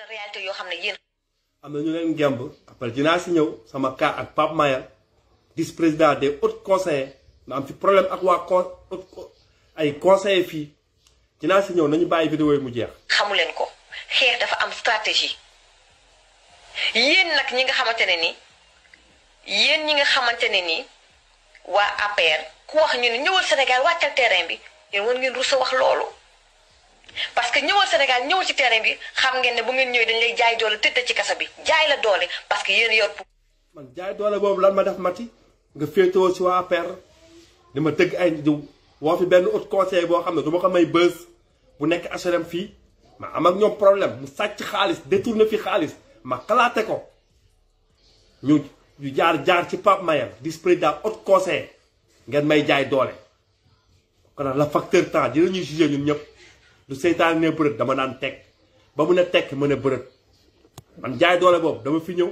na réalité yoo xam ne yéen. am na ñu leen ngemb après dinaa si ñëw sama cas ak Pape Mayel vice président des hauts conseillers ma am ci problème ak waa con ay conseillers fii dinaa si ñëw nañu bàyyi vidéo yi mu jeex. xamu leen ko xeex dafa am stratégie yéen nag ñi nga xamante ne ni yéen ñi nga xamante ne ni waa APR ku wax ñu ne ñëwal Sénégal wàccal terrain bi yéen war ngeen rus a wax loolu. parce que ñëwal Sénégal ñëwal ci terrain bi xam ngeen ne bu ngeen ñëwee dañ lay jaay doole tëdd ci kasa bi jaay la doole parce que yéen yor. man jaay doole boobu lan ma def mati nga féetewoo ci waa APR di ma tëgg ay diw woo fi benn autre conseil boo xam ne du ma ko may bës bu nekk HLM fii ma am ak ñoom problème mu sàcc xaalis détourné fii xaalis ma xalaate ko ñu ñu jaar jaar ci Pape Mayel di président haut conseil ngeen may jaay doole. kon la facteur temps dinañuy jugé ñun ñëpp. lu seytaan ne bërët dama naan tekk ba mun a tekk ma ne bërët man jaay doole boobu dama fi ñëw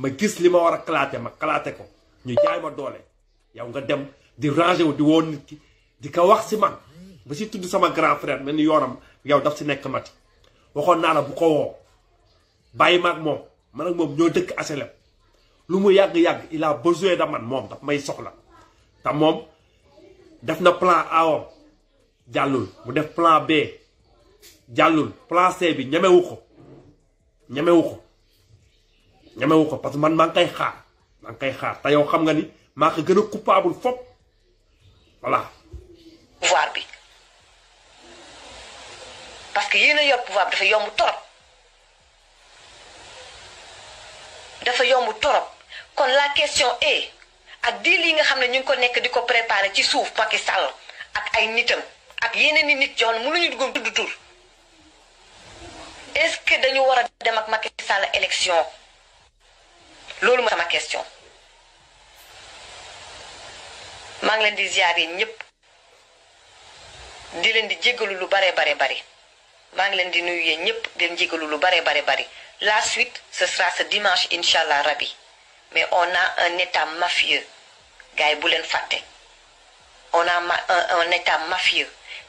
ma gis li ma war a kalaate ma kalaate ko ñu jaay ma doole yow nga dem di rangé wu di woo nit ki di ko wax si man ba si tudd sama grand frère mel ni yoonam yow daf si nekk mati waxoon naa la bu ko woo bàyyi ma ak moom man ak moom ñoo dëkk aselem lu mu yàgg-yàgg il a da man moom daf may soxla te moom def na plan A jàllul mu def plan B jàllul plan bi ñemewu ko ñemewu ko ñemewu ko parce que man maa xaar maa ngi xaar te yow xam nga ni maa ko gën a coupable fop voilà. pouvoir bi parce que yéen a yor pouvoir bi dafa yomb torop dafa yomb torop kon la question est ak diil yi nga xam ne ñu ngi ko nekk di ko préparer ci suuf Macky Sall ak ay nitam ak yeneen i nit yoon mënuñu dugg dudd tur est-ce que dañu wara dem ak Macky Sall élection loolu ma sama question maa ngi leen di yi ñëpp di leen di jégalu lu bare bare bare maa ngi leen di nuyu yéen ñëpp di leen jégalu lu bare bare bare la suite ce sera ce dimanche inshallah rabi mais on a un état mafieux gars yi bu leen fàtte on a un état mafieux.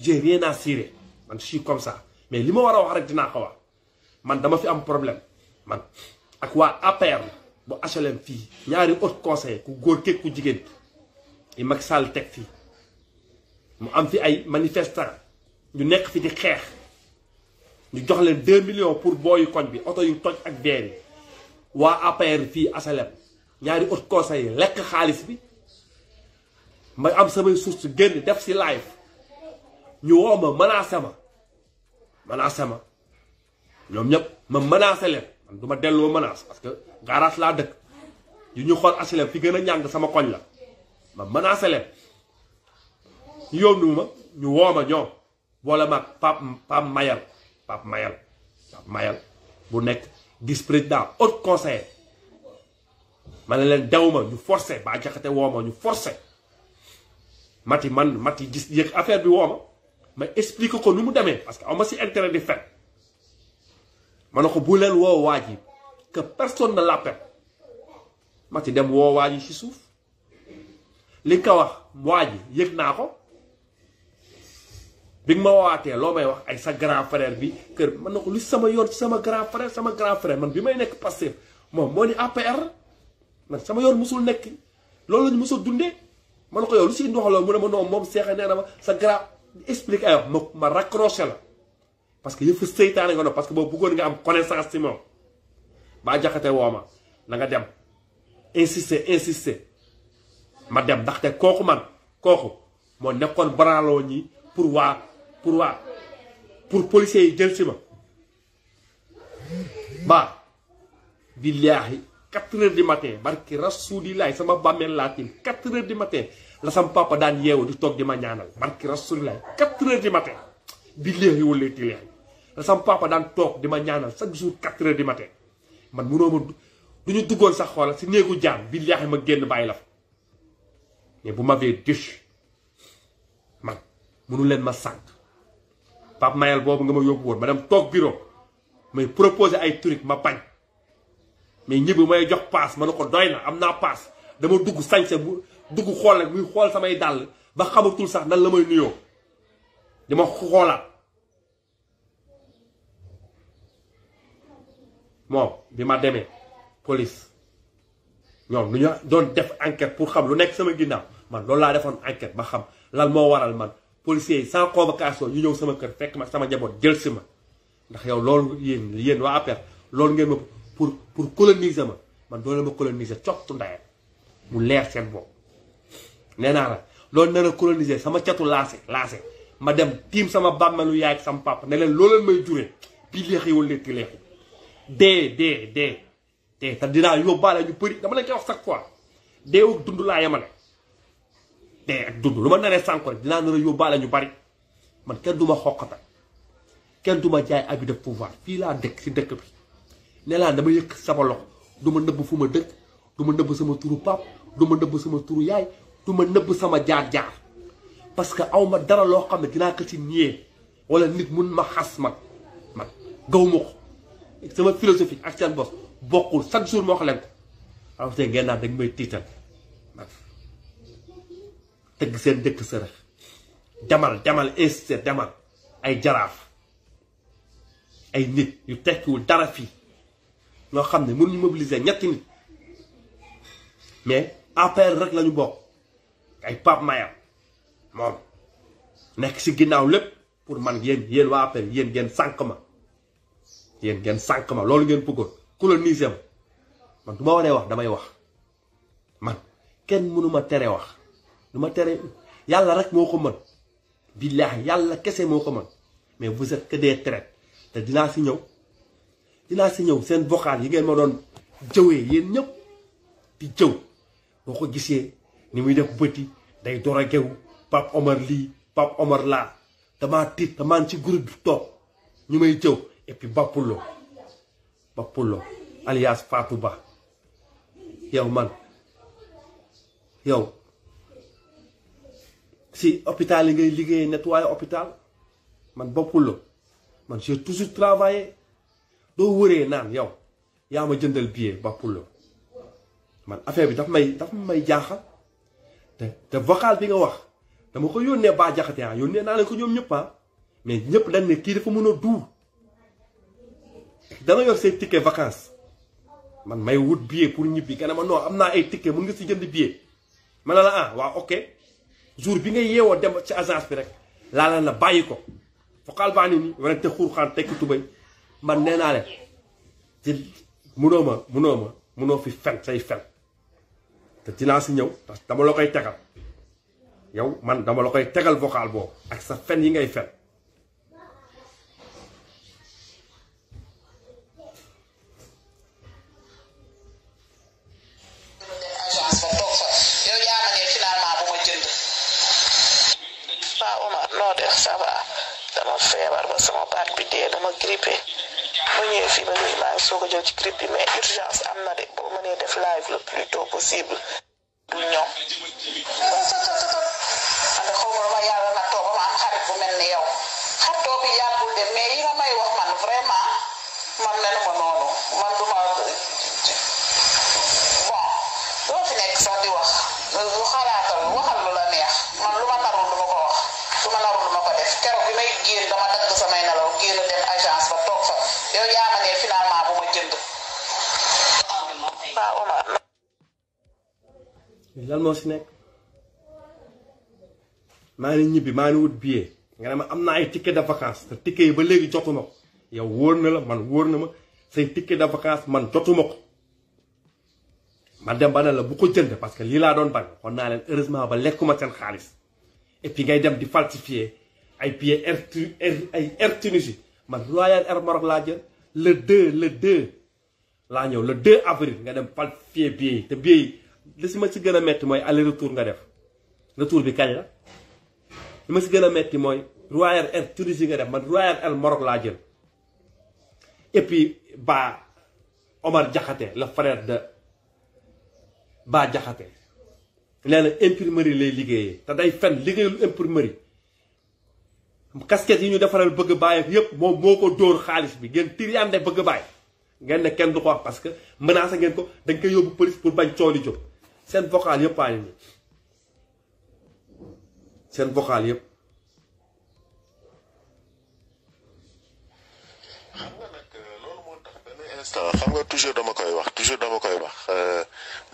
j'ai rien à cirer man je suis comme ça mais li ma war a wax rek dinaa ko wax man dama fi am problème man ak waa APR bu HLM fii ñaari haut conseil ku góor keeg ku jigéen yi mag Sall teg fii mu am fi ay manifestants ñu nekk fi di xeex ñu jox leen 2 millions pour booyu koñ bi oto yu toj ak veer yi waa APR fii HLM ñaari haut conseil lekk xaalis bi ma am samay source génn def si live ñu wooma ma ma menacé ma ñoom ñëpp ma menacé leen man du delloo menace parce que garage laa dëkk yu ñu xool HLM fi gën a ñàng sama koñ la ma menacé leen ñu yónnu ma ñu woo ma ñoom boole ma ak Pape Pape Mayal Pape bu nekk vice président haut conseil ma ne leen dew ma ñu forcé ba jaxate woo ma ñu forcé mati man mati gis yëg affaire bi woo ma explique ko nu mu demee parce que am ma si intérêt di fen ma ne ko bu leen woo waa ji que personne la l'appelle ma ci dem woo waa yi si suuf li nga ko wax waa ji yëg naa ko bi nga ma woowaatee loo may wax ay sa grand frère bi kër man na ko lu sama yoon ci sama grand frère sama grand frère man bi may nekk Pastef moom moo ni APR man sama yoon musul nekk loolu lañu musul dundee ma ne ko yow lu si ndoxaloo mu ne ma noom moom seexe nee ma sa grand explique ay ma ma raccroché la parce que yëfu seytaane nga doon parce que boo bëggoon nga am connaissance ci moom baa jaxate woo ma na nga dem insister insister ma dem ndaxte kooku man kooku moo nekkoon baraaloo ñi pour waa pour waa pour policiers yi jël si ma baa billaahi quatre heures du matin barki rasulilaay sama bàmmeel laa tiim quatre heures di matin la sam papa daan yewu di tok di ma ñaanal barki rasulullah 4 heures du matin di billahi ti tilahi la sam papa daan tok di ma ñaanal chaque jour 4 heures du matin man mënoo mu duñu duggon sax xoola si néegu jaam billahi ma genn bayila la mais bu ma bee déchu man mënu len ma sànq pap mayal bobu nga ma yobbu won ma dem tok biro may proposer ay truc ma bañ mais ñibu may jox paas man ko doyna amna am dama dugg sañse bu dugg xool nag muy xool samay dàll ba xamatul sax nan la may nuyoo di ma xoolaat moom bi ma demee police ñoom lu ñu doon def enquête pour xam lu nekk sama ginnaaw man loolu laa defoon enquête ba xam lan moo waral man policiers yi sans convocation ñu ñëw sama kër fekk ma sama njaboot jël si ma ndax yow loolu yéen yéen waa APR loolu ngeen ma pour pour coloniser ma man doole ma coloniser cottu ndayam mu leer seen bopp Nenara, naa la loolu coloniser sama ciatu laase laase ma dem tim sama bàmmelu yaay ak sama papa ne len looleen may jure bi de de léegi leexi dé dé dee dee te dinaa yóbbaale ñu bëri dama leen koy wax chaque fois dee dundu la laa yemale dee ak dundu luma ma naree sànq rek dinaa nar ñu bari man kenn duma xokata xoqata kenn du jaay abus de pouvoir fi la dëkk ci dëkk bi né la dama yëk sama lox duma neub fu ma sama turu pap duma neub sama turu yaay du ma nëbb sama jaar-jaar parce que aw ma dara loo xam ne dinaa ko ci ñee wala nit mun ma xas man man gaw ko sama philosophie ak seen bos bokkul chaque jour moo wax leen ko am te ngeen naan may tiital man tëgg seen dëkk sërëx demal demal insisté demal ay jaraaf ay nit yu tekkiwul dara fii loo xam ne mënuñu mobiliser ñetti nit mais APR rek lañu bokk ay Pape Mayam moom nekk si ginnaaw lépp pour man yéen yéen waa appel yéen ngeen sànq ma yéen ngeen sànq ma loolu ngeen bëggoon coloniser ma man du ma waree wax damay wax man kenn mënu ma tere wax du ma tere yàlla rek moo ko mën billaahi yàlla kese moo ko mën mais vous êtes que trait te dinaa si ñëw dinaa si ñëw seen vocal yi ngeen ma doon jëwee yéen ñëpp di jëw boo ko gisee ni muy def bëti day dorogewu Pape Omar lii Pape Omar laa damaa tiit damaa ci groupe bi ñu may jëw et puis Bapulo alias Fatou Ba yow man yow si hôpital yi ngay liggéeyee nettoyer hôpital man Bapulo man j'ai toujours travaillé doo wëree naan yow yaa ma jëndal billet Bapulo man affaire bi daf may daf may jaaxal. te te vocal bi nga wax dama ko yónnee Bah Diakhaté ah yónnee naa leen ko ñoom ñëpp ah mais ñëpp dañ ne kii dafa mën a duur dana yor say ticket vacances man may wut billet pour ñibbi nga ne ma non am naa ay ticket mu nga si jënd billet ma ne la ah waa ok jour bi nga yeewoo dem ci agence bi rek laalal leen la bàyyi ko vocal baa ni nii wala te xuurxaan tekki tubay man nee naa leen munoo ma munoo ma munoo fi fen say fen. te dina ci ñew dama la koy tégal yow man dama la koy tégal vocal bo ak sa fen yi ngay fen dama feebar ba sama baat bi dee dama ma ñëwee fii ba léegi maa ngi a jël ci grippe bi urgence am na de boo mënee def live le plus tôt possible du ñoom. man toog ma de mais yi nga may wax man vraiment man mel ma noonu man du ma bon ma narul ma ko ma narul ma ko def keroog bi may génn dama dagg samay nelaw génn dem agence ba toog. yow yaa ma moo si nekk maa ngi ñibbi maa ngi wut billet nga ne am naa ay ticket de vacances te ticket yi ba léegi jotuma ko yow wóor na la man wóor na ma say ticket de vacances man jotuma ko man dem ba ne la bu ko jënd parce que lii laa doon bañ xon naa leen heureusement ba lekkuma seen xaalis et ngay dem di falsifier ay billet air ay air man Royal Air Maroc laa jël le 2 le 2 laa ñëw la 2 avril nga dem falsifier billet yi te billet yi si ma si gën a metti mooy aller retour nga def retour bi kañ la li ma si gën a metti mooy Royal Air touriste yi nga def man Royal Air Maroc laa jël et baa Ba Omar Diakhaté le frère de Ba Diakhaté nee na imprimerie lay liggéeyee te day fen liggéeyul imprimerie. casquette yi ñu defaral bëgg bàyyi yëpp moom moo ko dóor xaalis bi ngeen tiriande bëgg bàyyi ngeen ne kenn du ko wax parce que menacé ngeen ko dañ koy yóbbu polis bu bañ cooli jóg seen vocal yëpp aani ni seen vocal yëpp instant xam nga toujours dama koy wax toujours dama koy wax euh,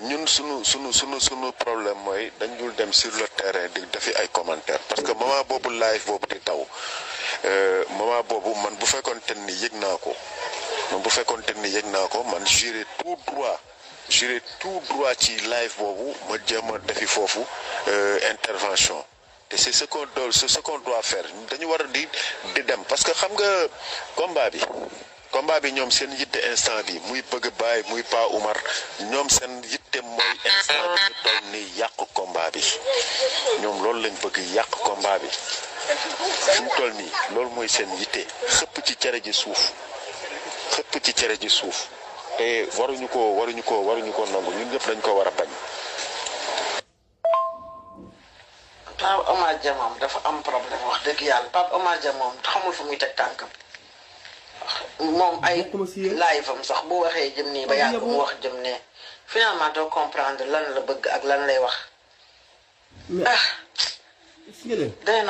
ñun suñu sunu sunu suñu problème mooy dañ dul dem sur le terrain di defi ay commentaire parce que moment boobu live boobu di taw euh, moment boobu man bu fekkoon te ni yëg naa ko man bu fekkoon te ni yëg naa ko man juré tout droit juré tout droit ci live boobu ma jéem a defi foofu euh, intervention te c'est ce qu'on doit c'est ce qu'on doit faire dañu war a di di dem parce que xam nga combat bi combat bi ñoom seen yitte instant bi muy bëgg bàyyi muy Pa Oumar ñoom seen yitte mooy instant bi ñu nii yàq komba bi ñoom loolu lañ bëgg yàq combat bi fi mu nii loolu mooy seen yitte xëpp ci cere ji suuf xëpp ci cere ji suuf te waruñu ko waruñu ko waruñu ko nangu ñun ñëpp dañ ko war a bañ. Pape Omar Dia dafa am problème wax dëgg yàlla Pape Omar Dia moom xamul fu muy teg tànkam. moom ay live am sax boo waxee jëm nii ba yàgg mu wax jëm ne finalement doo comprendre lan la bëgg ak lan lay wax ah day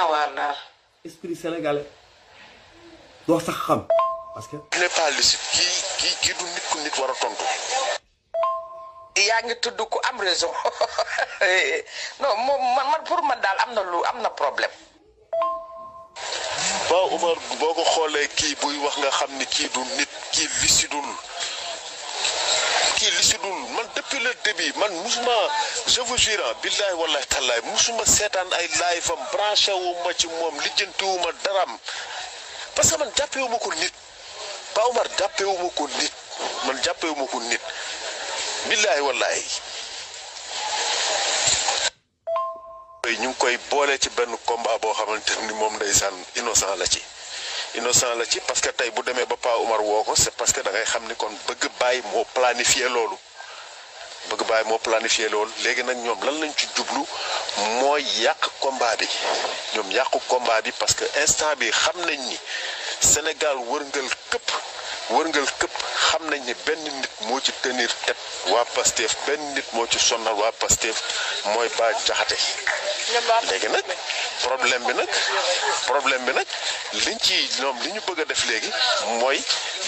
parce que n'est pas lucide kii kii kii a yaa ngi tudd am raison eh, eh. non moom man pour man daal am na lu am na problème ba Umar boo ko xoolee kii buy wax nga xam ni kii du nit kii lisidul kii lisidul man depuis le début man musuma je vous jure billahi wallahi tallaay musuma seetaan ay laay fam branché wu ci moom lijjantiwu ma daram parce que man jàppewu ma ko nit ba Umar jàppewuma ma ko nit man jàppewu ma ko nit billahi wallahi yooyu ñu ngi koy boole ci benn combat boo xamante ni moom ndeysaan innocent la ci. innocent la ci parce que tey bu demee ba Pa Umar woo ko c'est parce que ngay xam ni kon bëgg bàyyi moo planifié loolu. bëgg bàyyi moo planifié loolu léegi nag ñoom lan lañu ci jublu mooy yàq combat bi ñoom yàqu combat bi parce que instant bi xam nañ ni Sénégal wërngal këpp wërngal këpp. xam nañ ni benn nit moo ci tenir tête waa Pastef benn nit moo ci sonal waa Pastef mooy ba jaxate léegi nag problème bi nag problème bi nag liñ ci ñoom li ñu bëgg a def léegi mooy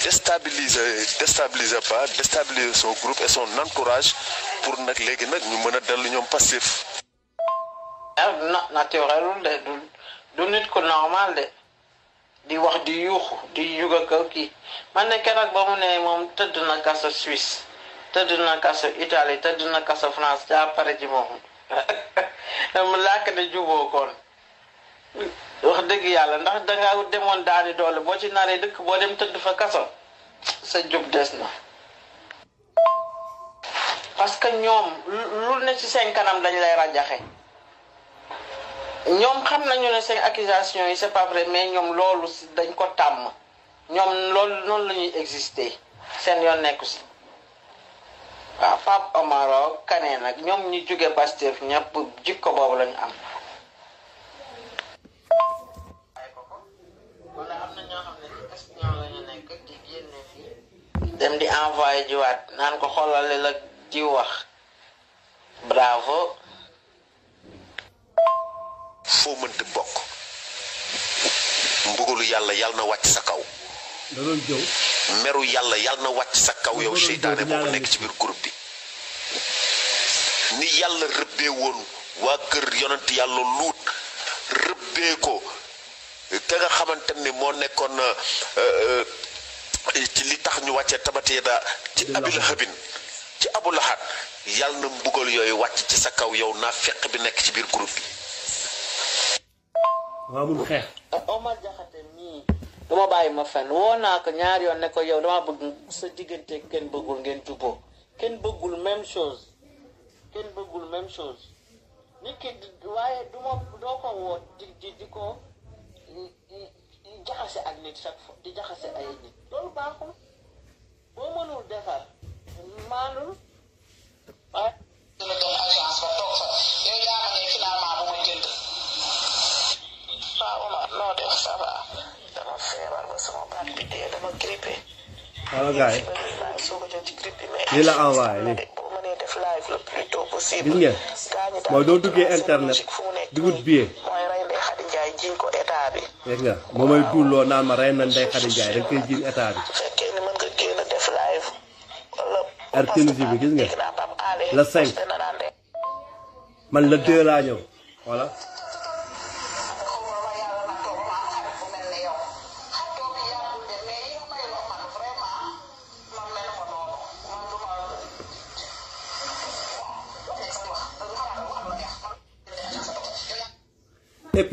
déstabiliser déstabiliser ba déstabiliser son groupe et son entourage pour nag léegi nag ñu mën a dellu ñoom Pastef. naturel de du nit ku normal de. di wax di yuuxu di yuga ka ki man ne keroog ba mu ne mom tëdd na kaso Suisse tëdd na kaso Italie tëdd na kaso France daa pare ji moom mu làkk de jubo koon wax deug yalla ndax danga nga demone di dole bo ci nare dekk bo dem tëdd fa sa jub des na parce que ñom lu ne ci sen kanam dañ lay rajaxé ñoom xam nañu ne seen accusation yi c'est pas vrai mais ñoom loolu dañ ko tàmm ñoom lool noonu la ñuy exister seen yoon nekku ci waaw Pape Amaro Kane nag ñoom ñu jóge Pastef ñëpp jikko boobu lañu am. dem di envoyé jiwaat naan ko xoolale la di wax bravo. foo mënti bokk mbugalu yàlla yàlla na wàcc sa kaw meru yàlla yàlla na wàcc sa kaw yow seytaane boobu nekk ci biir groupe bi ni yàlla rëbbee woon waa kër yonent yàlla luut rëbbee ko ka nga xamante ni moo nekkoon euh, euh, ci li tax ñu wàccee tabateeda ci abil xabin ci abu laxaat yàlla mbugal yooyu wàcc ci sa kaw yow naa bi nekk ci biir groupe bi nga amul xeex. Omar Diakhaté mii du bàyyi ma fen woo naa ko ñaari yoon ne ko yaw dama bëgg sa diggante kenn bëggul ngeen juboo kenn bëggul même chose kenn bëggul même chose nit ki waaye ko woo di di ko jaxase ak nit chaque fois di jaxase ay nit loolu baaxul boo mënul defar maanul waaye. fa Omar noo def ça va dama feebar ba sama baat bi dee dama grippé. waaw gars yi la envoyé léegi. gis ngeen mooy doo duggee internet di wut billet. nga moom mooy dulloo naan ma rey na Ndeye Khady Ndiaye jiiñ état bi. air Tunisie bi gis nga la 5 ah, man la 2 ñëw voilà.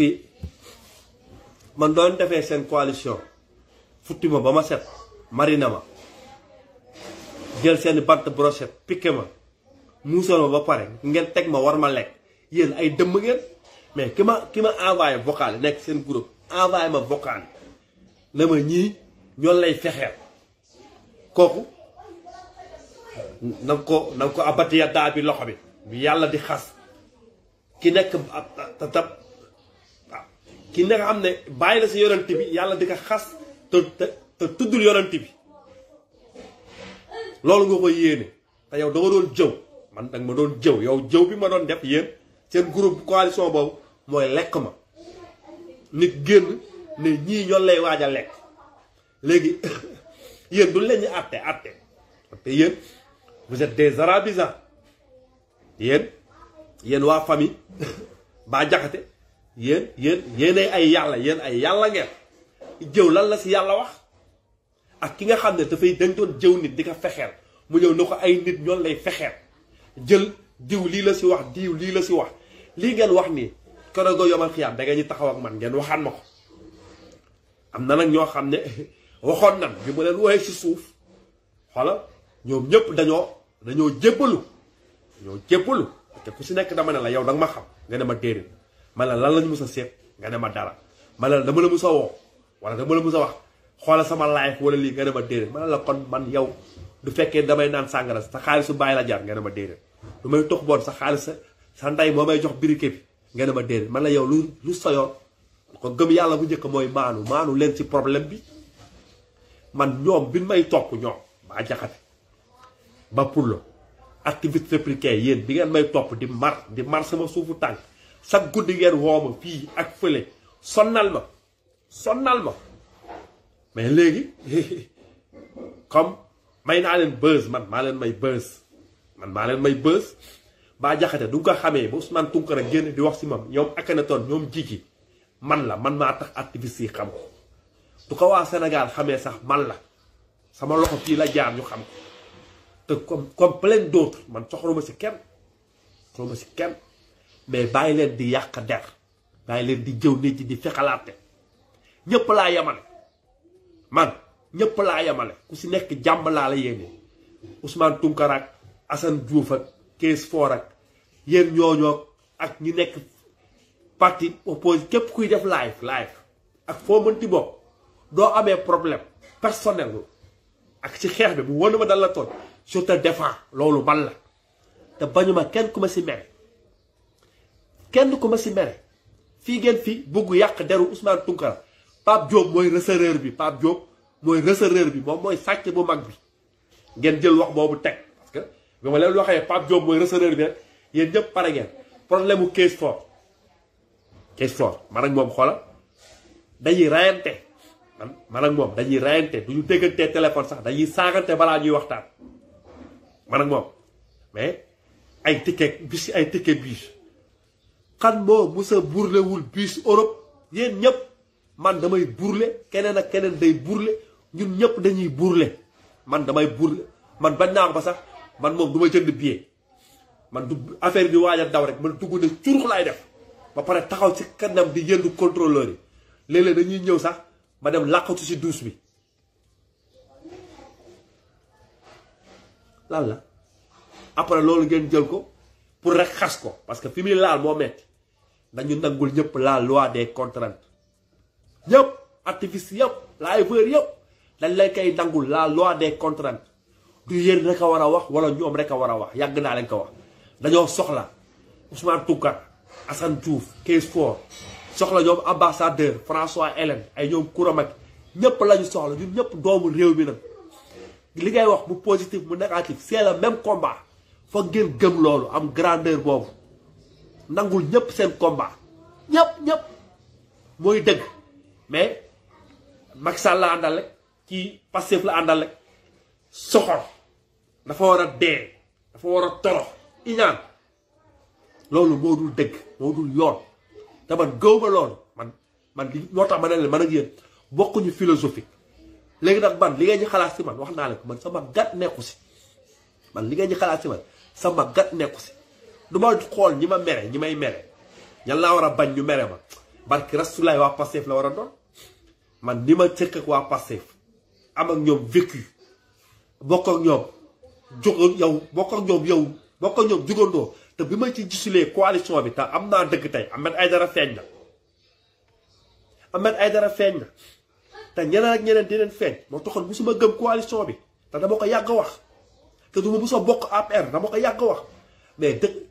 puis man doon defee seen coalition futti ma ba ma set marina ma jël seen bant brochette piqué ma muusal ma ba pare ngeen teg ma war ma lekk yéen ay dëmm ngeen mais ki ma ki ma envoyé vocal nekk seen groupe envoyé ma vocal la ma ñii ñoo lay fexeel kooku na ko na ko abati yaddaa bi loxo bi yàlla di xas ki nekk ab ki nga xamne bayila bàyyi yoronte bi yalla dika xass te te te tuddul yonent bi lolou nga koy yene ta yow da nga doon jëw man dag ma doon jëw yow jëw bi ma doon def yeen seen groupe coalition bob moy lek ma nit genn ne ñi ñoo lay waaj a lekk léegi du leen ñu atté àtte te yeen vous êtes des arabisans yeen yeen wa famille ba jaxate yéen yéen yéenay ay yàlla yéen ay yàlla ngeen jëw lan la si yàlla wax ak ki nga xam ne dafay dañ doon jëw nit di ko fexeel mu ñëw ni ko ay nit ñoon lay fexeel jël diw lii la si wax diw lii la si wax lii ngeen wax nii keroog yomal xiyaam da ngeen ñu taxaw ak man ngeen waxaat ma ko am na nag ñoo xam ne waxoon nan bi mu leen wooyee si suuf xoola ñoom ñëpp dañoo dañoo jébbalu dañoo jébbalu te ku si nekk dama ne la yow danga ma xam nga ne ma déedéet mala lan lañu mësa seet nga ne ma dara mala dama la mësa wo wala dama la mësa wax sama life wala li nga ne ma déedéet man la kon man yow du féké damay nan sangara sa xaalisu bay la jaar nga ne ma déedéet du may tok bon sa xaalis sa nday jox birike nga ma man yow lu lu soyoon ko gëm yalla bu jëk moy manu manu len ci problème bi man ñom bin may tok ñom ba jaxat ba lo activité réplicain yeen bi ngeen may top di mar di mar sama suufu tank chaque guddi ngeen woo ma fii ak fële sonnal ma sonnal ma mais léegi comme may naa leen bës man maa leen may bës man maa leen may bës Bah Diakhaté du nga xamee ba Ousmane Tounkara génn di wax si moom ñoom Akhenaton ñoom jigi man la man maa tax activiste yi xam ko du ko waa Sénégal xamee sax man la sama loxo fii la jaar ñu xam ko te comme comme plein man soxoruma si kenn soxoruma si kenn mais bàyyi leen di yàq der bàyyi leen di jëw nit ñi di fexalaate ñëpp laa yemale man ñëpp laa yemale ku si nekk jàmb laa la yéene Ousmane Tounkara ak Assane Diouf ak Kees Foor ak yéen ñooñoo ak ñu nekk parti oppose képp kuy def live live ak foo mënti bopp doo amee problème personnel ak ci xeex bi bu wóor ma dal la toon je te loolu man la te bañuma kenn ku ma si mere kenn ko ma si mere fi ngeen fi bugu yak deru Ousmane de pap moy bi Pape Diop bi mag bi wax parce que bi leen waxee Pape Diop moy receveur bi yeen problème case fort fort man ak mom xola dañuy rayanté man ak mom dañuy rayanté duñu téléphone sax dañuy ñuy man ak mais ay ticket bis ay ticket xan moo musa burlewul biis Europe yéen ñëpp man damay burle keneen ak keneen day burle ñun ñëpp dañuy burle man damay burle man bañ naa ba sax man moom du ma jënd billet man du affaire bi waaj a daw rek man dugg ne curux laay def ba pare taxaw ci kanam di yëndu contrôleur yi léeg dañuy ñëw sax ma dem làqatu ci duus bi lan la après loolu ngeen jël ko pour rek xas ko parce que fi muy laal moo metti nañu nangul ñëpp la loi des contraintes ñëpp activiste yëpp liveur yëpp dañ lay koy nangul laa loi des contraintes du yéen rek a war a wax wala ñoom rek a war a wax yàgg naa leen ko wax dañoo soxla Ousmane Tounkara assan Diouf Keyes Faure soxla ñoom ambassadeur François Hélène ay ñoom Kouramaki ñëpp lañu soxla ñun ñëpp doomu réew bi nag li ngay wax bu positif mu négatif c'est le même combat foog ngeen gëm loolu am grandeur boobu nangul ñëpp seen combat ñëpp ñëpp mooy dëgg mais Macky Sall la àndal rek ci Pastef la àndal rek soxor dafa war a dee dafa war a torox iñaan loolu moo dul dëgg moo dul yoon te man gëw ma loolu man man li moo tax ma ne leen man a yéen bokkuñu philosophique léegi nag man li ngeen ñu xalaat si man wax naa la ko man sama gat nekku si li ngeen ñu xalaat si man sama nekku si du ma xool ñi ma mere ñi may mere ñan laa war a bañ ñu mere ma barki rastulaay waa Pastef la war a doon man ni ma cëkk ak waa Pastef am ak ñoom vécu bokk ak ñoom yow bokk ak yow bokk ak ñoom jugandoo te bi ma ci gisulee coalition bi te am naa dëgg tey ay dara feeñ na ay dara feeñ na te ñeneen ak ñeneen dineen feeñ moo su musuma gëm coalition bi te dama ko yàgg wax te du ma musa bokk APR dama ko yàgg wax mais dëgg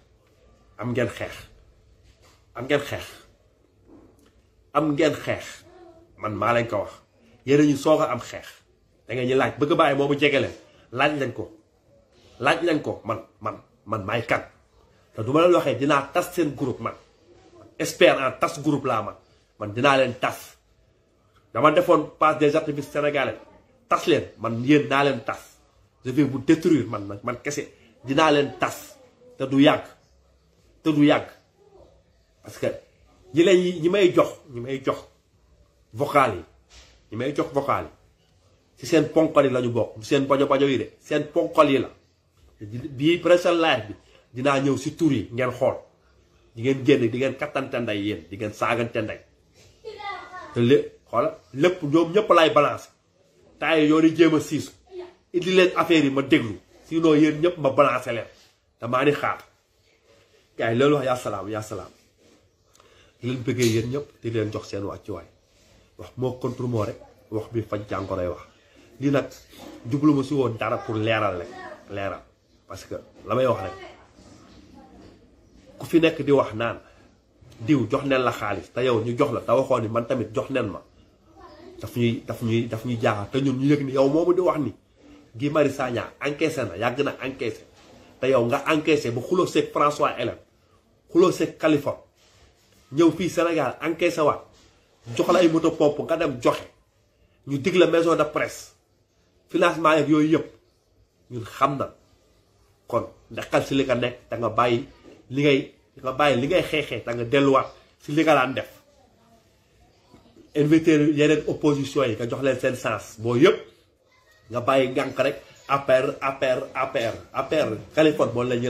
am ngeen xeex am ngeen xeex am ngeen xeex man maa leen ko wax yéen ñu soog a am xeex da ngeen ñu laaj bëgg bàyyi boobu jege leen laaj leen ko laaj leen ko man man man maay kan te du ma leen waxee dinaa tas seen groupe man expert en tas groupe laa man man dinaa leen tas dama defoon passe des activistes sénégalais tas leen man yéen naa leen tas je vais vous détruire man nag man kese dinaa leen tas te du yàgg. te du yag parce que ñi lay ñi may jox ñi may jox vocal yi ñi may jox vocal ci seen ponkol yi la ñu bokk seen pajo yi de seen ponkol yi la bi presque live bi dina ñew si tour yi ngeen xol di ngeen genn di ngeen katante nday yeen di ngeen sagante nday te le xol lepp ñom ñep lay balance tay yoo di jéem a siisu indi leen affaire yi ma deglu sino yeen ñep ma balancer leen dama ni xaar gaay loolu wax ya salam ya salam di leen bëggee yéen ñëpp di len jox seen ci way wax mo contre mo rek wax bi faj jàngoroy wax li nak jublu ma si woon dara pour leeral rek leeral parce que lamay wax rek ku fi nek di wax naan diw jox nen la xaliss ta yow ñu jox la ta waxo ni man tamit jox nen ma daf ñuy daf ñuy daf ñuy jaaxal te ñun ñu yegg ni yow momu di wax ni gi Marius Sagna encaissé na yag na encaissé te yow nga encaissé e, bu xulo seeg François Hélène Kulose sa ñew fi fii anké sa wa jox la ay moto pop nga dem joxe ñu dig la maison de presse financement ak yoy ñun xamna kon kon xal ci li nga nek da nga bayyi li ngay nga bayyi li ngay xeexee da nga wat ci li nga lan def inviter yeneen opposition yi nga jox leen sen sens bo yëpp nga bayyi gank rek APR APR APR APR Californie moom la ñu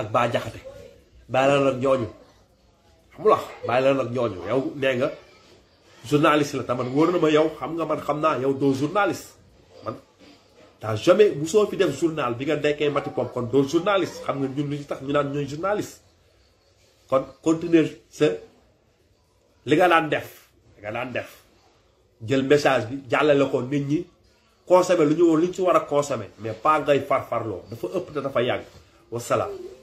ak ba jaxaté bàyyi la nag ñooñu xam nga bàyyi la nag ñooñu yow nee nga journaliste la taman wóor na ma yow xam nga man xam naa yow doo journaliste man t'as jamais bu soo fi def journal bi nga nekkee mati pom kon doo journaliste xam nga ñun lu ñu tax ñu naan ñooy journaliste kon continuer sa li nga daan def li nga daan def jël message bi jàllale ko nit ñi consommer lu ñu woon lu ñu ci war a consommer mais pas ngay farloo dafa ëpp te dafa yàgg wasalaam